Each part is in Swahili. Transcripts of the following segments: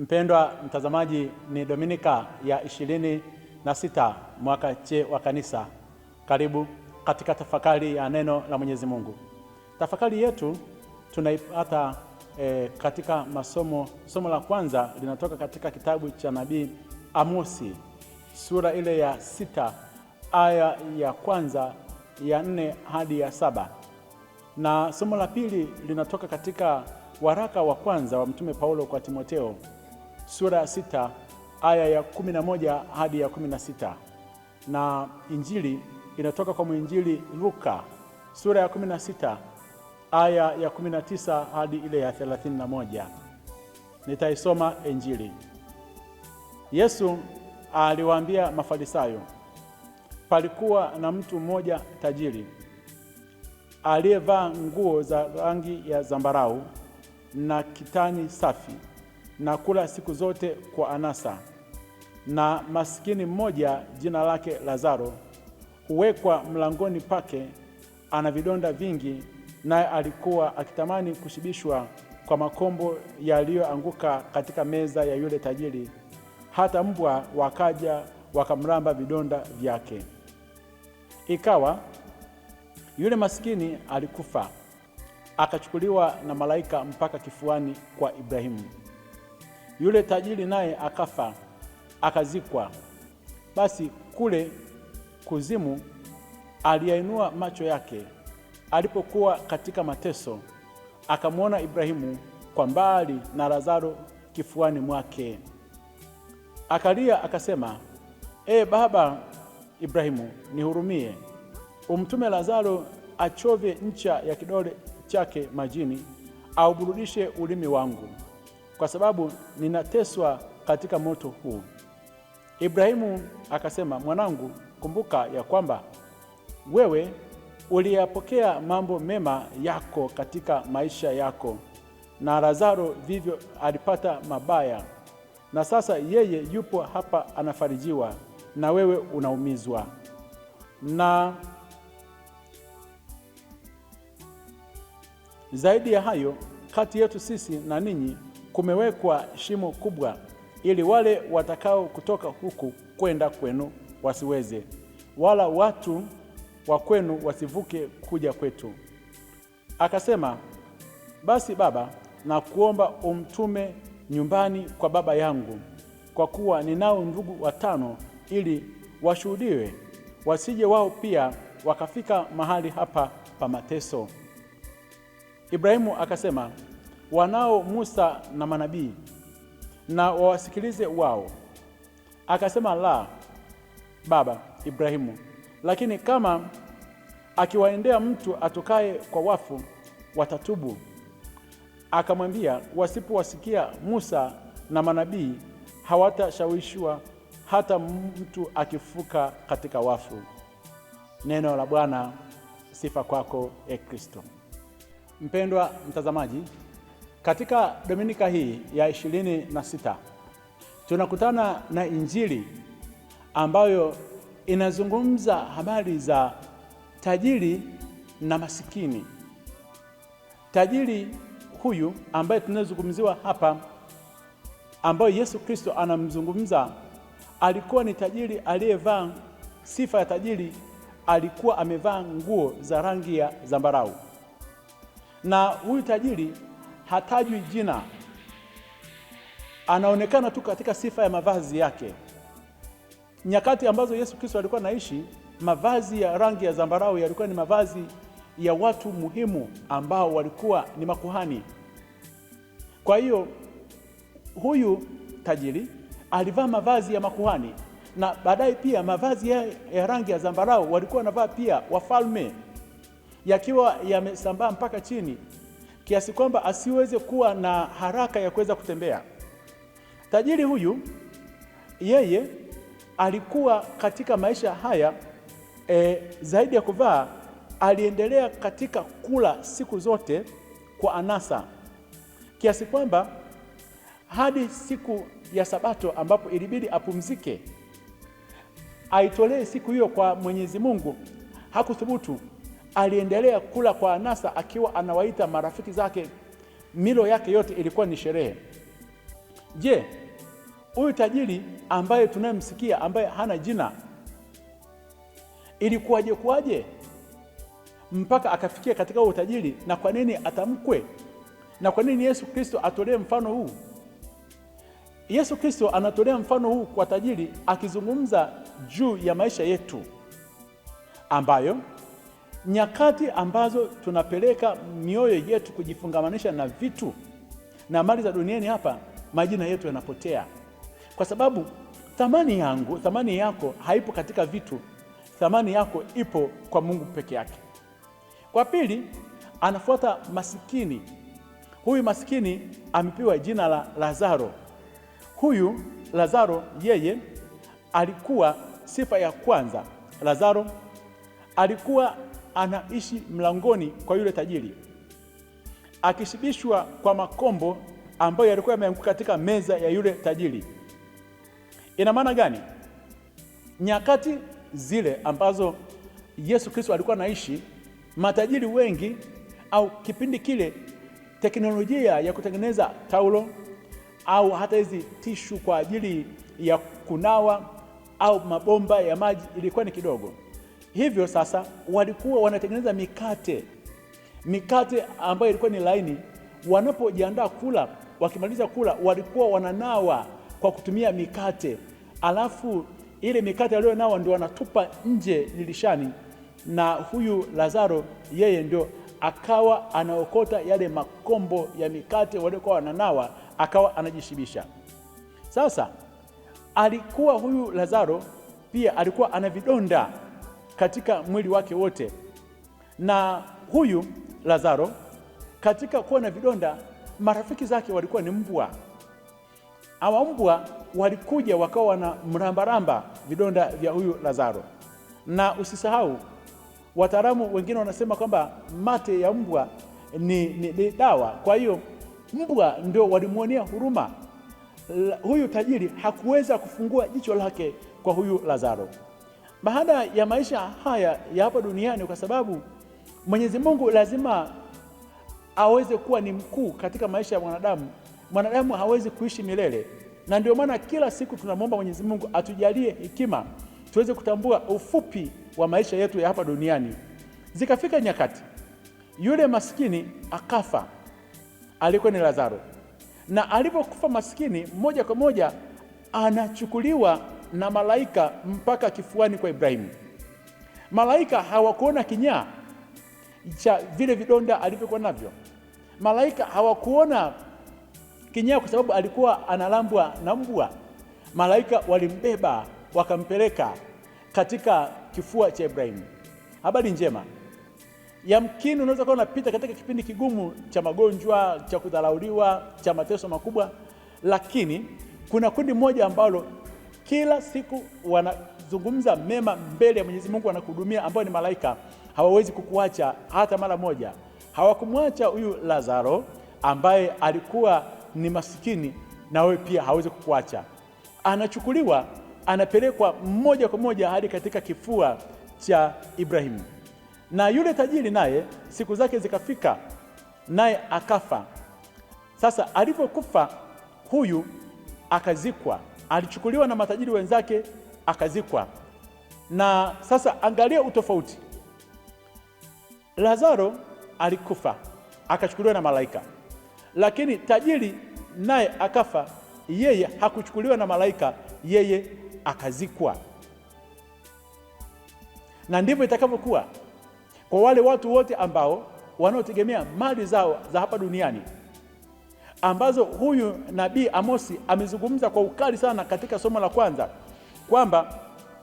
Mpendwa mtazamaji, ni Dominika ya ishirini na sita mwaka C wa Kanisa. Karibu katika tafakari ya neno la Mwenyezi Mungu. Tafakari yetu tunaipata e, katika masomo. Somo la kwanza linatoka katika kitabu cha nabii Amosi sura ile ya sita aya ya kwanza ya nne hadi ya saba na somo la pili linatoka katika waraka wa kwanza wa Mtume Paulo kwa Timoteo sura ya sita aya ya kumi na moja hadi ya kumi na sita na injili inatoka kwa mwinjili Luka sura ya kumi na sita aya ya kumi na tisa hadi ile ya thelathini na moja. Nitaisoma injili. Yesu aliwaambia Mafarisayo, palikuwa na mtu mmoja tajiri aliyevaa nguo za rangi ya zambarau na kitani safi na kula siku zote kwa anasa. Na maskini mmoja jina lake Lazaro huwekwa mlangoni pake, ana vidonda vingi, naye alikuwa akitamani kushibishwa kwa makombo yaliyoanguka katika meza ya yule tajiri, hata mbwa wakaja wakamramba vidonda vyake. Ikawa yule maskini alikufa, akachukuliwa na malaika mpaka kifuani kwa Ibrahimu. Yule tajiri naye akafa akazikwa. Basi kule kuzimu aliyainua macho yake alipokuwa katika mateso, akamwona Ibrahimu kwa mbali na Lazaro kifuani mwake. Akalia akasema, e baba Ibrahimu, nihurumie, umtume Lazaro achovye ncha ya kidole chake majini, auburudishe ulimi wangu kwa sababu ninateswa katika moto huu. Ibrahimu akasema, mwanangu, kumbuka ya kwamba wewe uliyapokea mambo mema yako katika maisha yako, na Lazaro vivyo alipata mabaya, na sasa yeye yupo hapa anafarijiwa, na wewe unaumizwa. Na zaidi ya hayo, kati yetu sisi na ninyi kumewekwa shimo kubwa, ili wale watakao kutoka huku kwenda kwenu wasiweze, wala watu wa kwenu wasivuke kuja kwetu. Akasema, basi Baba, nakuomba umtume nyumbani kwa baba yangu, kwa kuwa ninao ndugu watano, ili washuhudiwe, wasije wao pia wakafika mahali hapa pa mateso. Ibrahimu akasema wanao Musa na manabii na wawasikilize wao. Akasema, la, baba Ibrahimu, lakini kama akiwaendea mtu atokaye kwa wafu watatubu. Akamwambia, wasipowasikia Musa na manabii hawatashawishiwa hata mtu akifuka katika wafu. Neno la Bwana. Sifa kwako, e Kristo. Mpendwa mtazamaji katika Dominika hii ya ishirini na sita tunakutana na Injili ambayo inazungumza habari za tajiri na masikini. Tajiri huyu ambaye tunazungumziwa hapa, ambayo Yesu Kristo anamzungumza, alikuwa ni tajiri aliyevaa sifa ya tajiri, alikuwa amevaa nguo za rangi ya zambarau, na huyu tajiri hatajwi jina, anaonekana tu katika sifa ya mavazi yake. Nyakati ambazo Yesu Kristo alikuwa anaishi, mavazi ya rangi ya zambarau yalikuwa ni mavazi ya watu muhimu ambao walikuwa ni makuhani. Kwa hiyo huyu tajiri alivaa mavazi ya makuhani na baadaye pia mavazi ya, ya rangi ya zambarau walikuwa wanavaa pia wafalme, yakiwa yamesambaa mpaka chini kiasi kwamba asiweze kuwa na haraka ya kuweza kutembea. Tajiri huyu yeye alikuwa katika maisha haya e, zaidi ya kuvaa, aliendelea katika kula siku zote kwa anasa, kiasi kwamba hadi siku ya Sabato ambapo ilibidi apumzike, aitolee siku hiyo kwa Mwenyezi Mungu, hakuthubutu aliendelea kula kwa anasa, akiwa anawaita marafiki zake. Milo yake yote ilikuwa ni sherehe. Je, huyu tajiri ambaye tunayemsikia ambaye hana jina, ilikuwaje kuwaje mpaka akafikia katika utajiri? Na kwa nini atamkwe? Na kwa nini Yesu Kristo atolee mfano huu? Yesu Kristo anatolea mfano huu kwa tajiri, akizungumza juu ya maisha yetu ambayo nyakati ambazo tunapeleka mioyo yetu kujifungamanisha na vitu na mali za duniani hapa, majina yetu yanapotea, kwa sababu thamani yangu, thamani yako haipo katika vitu, thamani yako ipo kwa Mungu peke yake. Kwa pili, anafuata masikini. Huyu masikini amepewa jina la Lazaro. Huyu Lazaro yeye alikuwa sifa ya kwanza. Lazaro alikuwa anaishi mlangoni kwa yule tajiri, akishibishwa kwa makombo ambayo yalikuwa yameanguka katika meza ya yule tajiri. Ina maana gani? Nyakati zile ambazo Yesu Kristo alikuwa anaishi, matajiri wengi au kipindi kile, teknolojia ya kutengeneza taulo au hata hizi tishu kwa ajili ya kunawa au mabomba ya maji ilikuwa ni kidogo. Hivyo sasa walikuwa wanatengeneza mikate, mikate ambayo ilikuwa ni laini. Wanapojiandaa kula, wakimaliza kula, walikuwa wananawa kwa kutumia mikate, alafu ile mikate aliyonawa ndio wanatupa nje dirishani, na huyu Lazaro yeye ndio akawa anaokota yale makombo ya mikate waliokuwa wananawa, akawa anajishibisha. Sasa alikuwa huyu Lazaro pia alikuwa ana vidonda katika mwili wake wote. Na huyu Lazaro katika kuwa na vidonda, marafiki zake walikuwa ni mbwa. Hawa mbwa walikuja wakawa wana mrambaramba vidonda vya huyu Lazaro, na usisahau wataalamu wengine wanasema kwamba mate ya mbwa ni, ni, ni dawa. Kwa hiyo mbwa ndio walimwonea huruma. Huyu tajiri hakuweza kufungua jicho lake kwa huyu Lazaro baada ya maisha haya ya hapa duniani, kwa sababu Mwenyezi Mungu lazima aweze kuwa ni mkuu katika maisha ya mwanadamu. Mwanadamu hawezi kuishi milele, na ndio maana kila siku tunamwomba Mwenyezi Mungu atujalie hekima tuweze kutambua ufupi wa maisha yetu ya hapa duniani. Zikafika nyakati yule maskini akafa, alikuwa ni Lazaro, na alipokufa maskini, moja kwa moja anachukuliwa na malaika mpaka kifuani kwa Ibrahimu. Malaika hawakuona kinyaa cha vile vidonda alivyokuwa navyo. Malaika hawakuona kinyaa kwa sababu alikuwa analambwa na mbwa. Malaika walimbeba wakampeleka katika kifua cha Ibrahimu. Habari njema. Yamkini unaweza kuwa unapita katika kipindi kigumu cha magonjwa, cha kudharauliwa, cha mateso makubwa, lakini kuna kundi moja ambalo kila siku wanazungumza mema mbele ya Mwenyezi Mungu, wanakuhudumia ambao ni malaika, hawawezi kukuacha hata mara moja. Hawakumwacha huyu Lazaro ambaye alikuwa ni masikini, na wewe pia hawezi kukuacha. Anachukuliwa, anapelekwa moja kwa moja hadi katika kifua cha Ibrahimu, na yule tajiri naye siku zake zikafika, naye akafa. Sasa alipokufa huyu akazikwa alichukuliwa na matajiri wenzake akazikwa. Na sasa angalia utofauti. Lazaro alikufa akachukuliwa na malaika, lakini tajiri naye akafa, yeye hakuchukuliwa na malaika, yeye akazikwa. Na ndivyo itakavyokuwa kwa wale watu wote ambao wanaotegemea mali zao za hapa duniani ambazo huyu nabii Amosi amezungumza kwa ukali sana katika somo la kwanza kwamba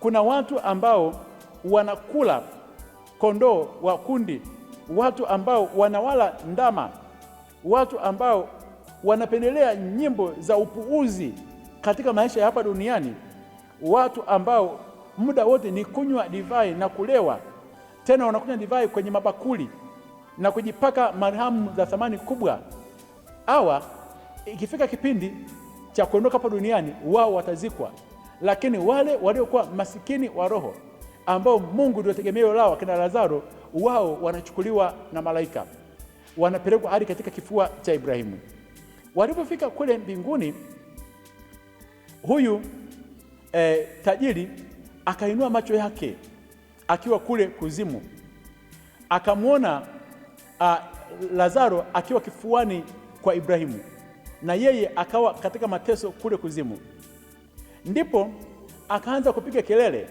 kuna watu ambao wanakula kondoo wa kundi, watu ambao wanawala ndama, watu ambao wanapendelea nyimbo za upuuzi katika maisha ya hapa duniani, watu ambao muda wote ni kunywa divai na kulewa, tena wanakunywa divai kwenye mabakuli na kujipaka marhamu za thamani kubwa hawa ikifika kipindi cha kuondoka hapa duniani, wao watazikwa, lakini wale waliokuwa masikini wa roho ambao Mungu ndio tegemeo lao, akina Lazaro, wao wanachukuliwa na malaika, wanapelekwa hadi katika kifua cha Ibrahimu. Walipofika kule mbinguni, huyu eh, tajiri akainua macho yake akiwa kule kuzimu, akamwona ah, Lazaro akiwa kifuani kwa Ibrahimu, na yeye akawa katika mateso kule kuzimu. Ndipo akaanza kupiga kelele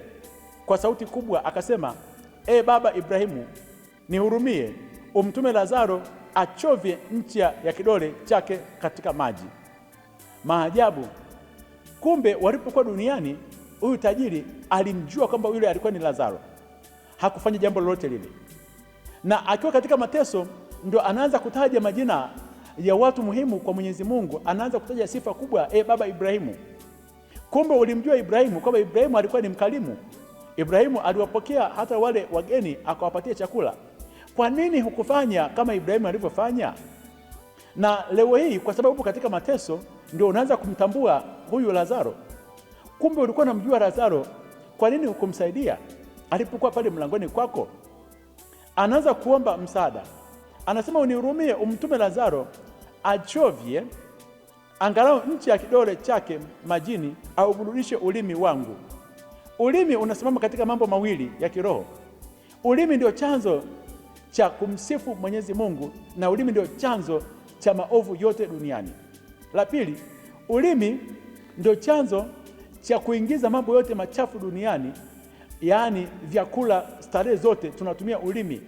kwa sauti kubwa akasema, E baba Ibrahimu, nihurumie, umtume Lazaro achovye ncha ya kidole chake katika maji. Maajabu! Kumbe walipokuwa duniani, huyu tajiri alimjua kwamba yule alikuwa ni Lazaro, hakufanya jambo lolote lile, na akiwa katika mateso ndio anaanza kutaja majina ya watu muhimu kwa Mwenyezi Mungu, anaanza kutaja sifa kubwa e, baba Ibrahimu. Kumbe ulimjua Ibrahimu kwamba Ibrahimu alikuwa ni mkalimu Ibrahimu aliwapokea hata wale wageni akawapatia chakula. Kwa nini hukufanya kama Ibrahimu alivyofanya? Na leo hii kwa sababu katika mateso ndio unaanza kumtambua huyu Lazaro. Kumbe ulikuwa unamjua Lazaro, kwa nini hukumsaidia alipokuwa pale mlangoni kwako? Anaanza kuomba msaada, anasema unihurumie, umtume Lazaro achovye angalau nchi ya kidole chake majini, auburudishe ulimi wangu. Ulimi unasimama katika mambo mawili ya kiroho. Ulimi ndio chanzo cha kumsifu Mwenyezi Mungu na ulimi ndio chanzo cha maovu yote duniani. La pili, ulimi ndio chanzo cha kuingiza mambo yote machafu duniani, yaani vyakula, starehe zote tunatumia ulimi.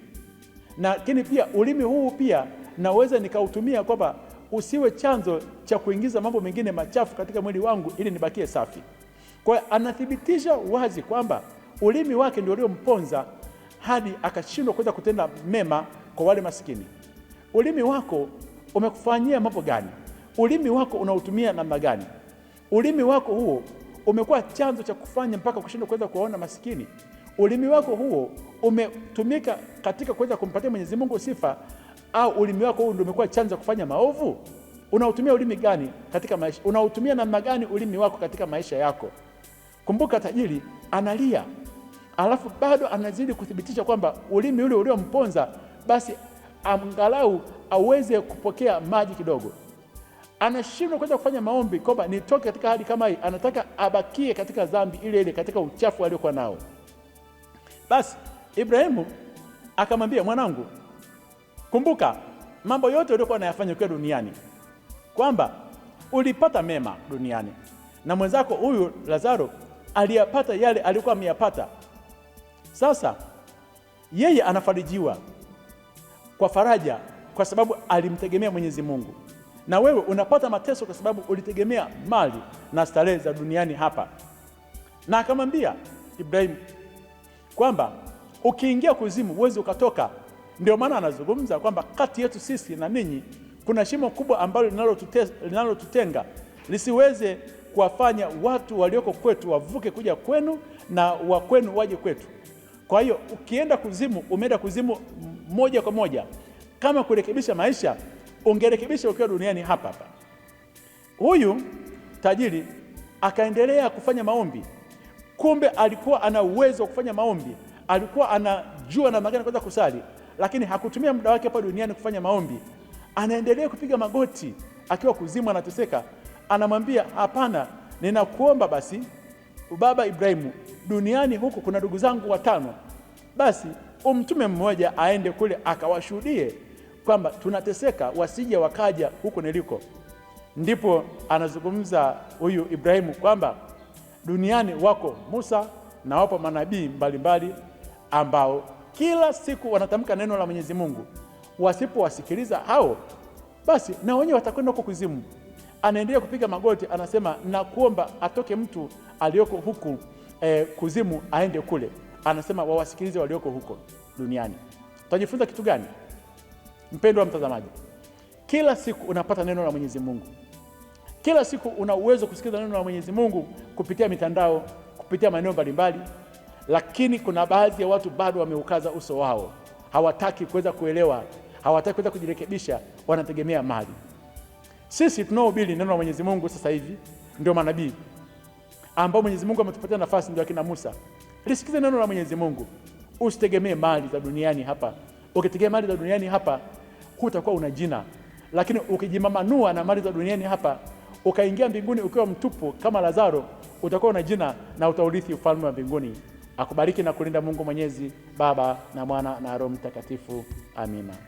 Lakini pia ulimi huu pia naweza nikautumia kwamba usiwe chanzo cha kuingiza mambo mengine machafu katika mwili wangu ili nibakie safi. Kwa hiyo anathibitisha wazi kwamba ulimi wake ndio uliomponza hadi akashindwa kuweza kutenda mema kwa wale masikini. Ulimi wako umekufanyia mambo gani? Ulimi wako unautumia namna gani? Ulimi wako huo umekuwa chanzo cha kufanya mpaka kushindwa kuweza kuwaona masikini. Ulimi wako huo umetumika katika kuweza kumpatia Mwenyezi Mungu sifa au ulimi wako huu ndio umekuwa chanzo cha kufanya maovu? Unautumia ulimi gani katika maisha? Unautumia namna gani ulimi wako katika maisha yako? Kumbuka, tajiri analia, alafu bado anazidi kuthibitisha kwamba ulimi ule uliomponza basi angalau aweze kupokea maji kidogo. Anashindwa kwenda kufanya maombi kwamba nitoke katika hali kama hii, anataka abakie katika dhambi ile ile, katika uchafu aliokuwa nao. Basi Ibrahimu akamwambia, mwanangu Kumbuka mambo yote uliokuwa nayafanya ukiwa duniani, kwamba ulipata mema duniani na mwenzako huyu Lazaro aliyapata yale alikuwa ameyapata. Sasa yeye anafarijiwa kwa faraja, kwa sababu alimtegemea Mwenyezi Mungu, na wewe unapata mateso kwa sababu ulitegemea mali na starehe za duniani hapa. Na akamwambia Ibrahimu kwamba ukiingia kuzimu huwezi ukatoka ndio maana anazungumza kwamba kati yetu sisi na ninyi kuna shimo kubwa ambalo linalotutenga lisiweze kuwafanya watu walioko kwetu wavuke kuja kwenu na wa kwenu waje kwetu. Kwa hiyo ukienda kuzimu, umeenda kuzimu moja kwa moja. Kama kurekebisha maisha, ungerekebisha ukiwa duniani hapa hapa. Huyu tajiri akaendelea kufanya maombi. Kumbe alikuwa ana uwezo wa kufanya maombi, alikuwa anajua namna gani kuweza kusali lakini hakutumia muda wake hapa duniani kufanya maombi, anaendelea kupiga magoti akiwa kuzimu, anateseka. Anamwambia, hapana, ninakuomba basi Baba Ibrahimu, duniani huku kuna ndugu zangu watano, basi umtume mmoja aende kule akawashuhudie kwamba tunateseka, wasije wakaja huku niliko. Ndipo anazungumza huyu Ibrahimu kwamba duniani wako Musa na wapo manabii mbalimbali ambao kila siku wanatamka neno la Mwenyezi Mungu. Wasipowasikiliza hao, basi na wenyewe watakwenda huko kuzimu. Anaendelea kupiga magoti, anasema na kuomba atoke mtu aliyoko huku eh, kuzimu aende kule. Anasema wawasikilize walioko huko duniani. Utajifunza kitu gani, mpendwa mtazamaji? Kila siku unapata neno la Mwenyezi Mungu, kila siku una uwezo kusikiliza neno la Mwenyezi Mungu kupitia mitandao, kupitia maeneo mbalimbali lakini kuna baadhi ya watu bado wameukaza uso wao, hawataki kuweza kuelewa, hawataki kuweza kujirekebisha, wanategemea mali. Sisi tunaohubiri neno la Mwenyezi Mungu sasa hivi ndio manabii ambao Mwenyezi Mungu ametupatia nafasi, ndio akina Musa. Lisikize neno la Mwenyezi Mungu, usitegemee mali za duniani hapa. Ukitegemea mali za duniani hapa, hutakuwa una jina, lakini ukijimamanua na mali za duniani hapa, ukaingia mbinguni ukiwa mtupu kama Lazaro, utakuwa una jina na utaurithi ufalme wa mbinguni. Akubariki na kulinda Mungu Mwenyezi, Baba na Mwana na Roho Mtakatifu. Amina.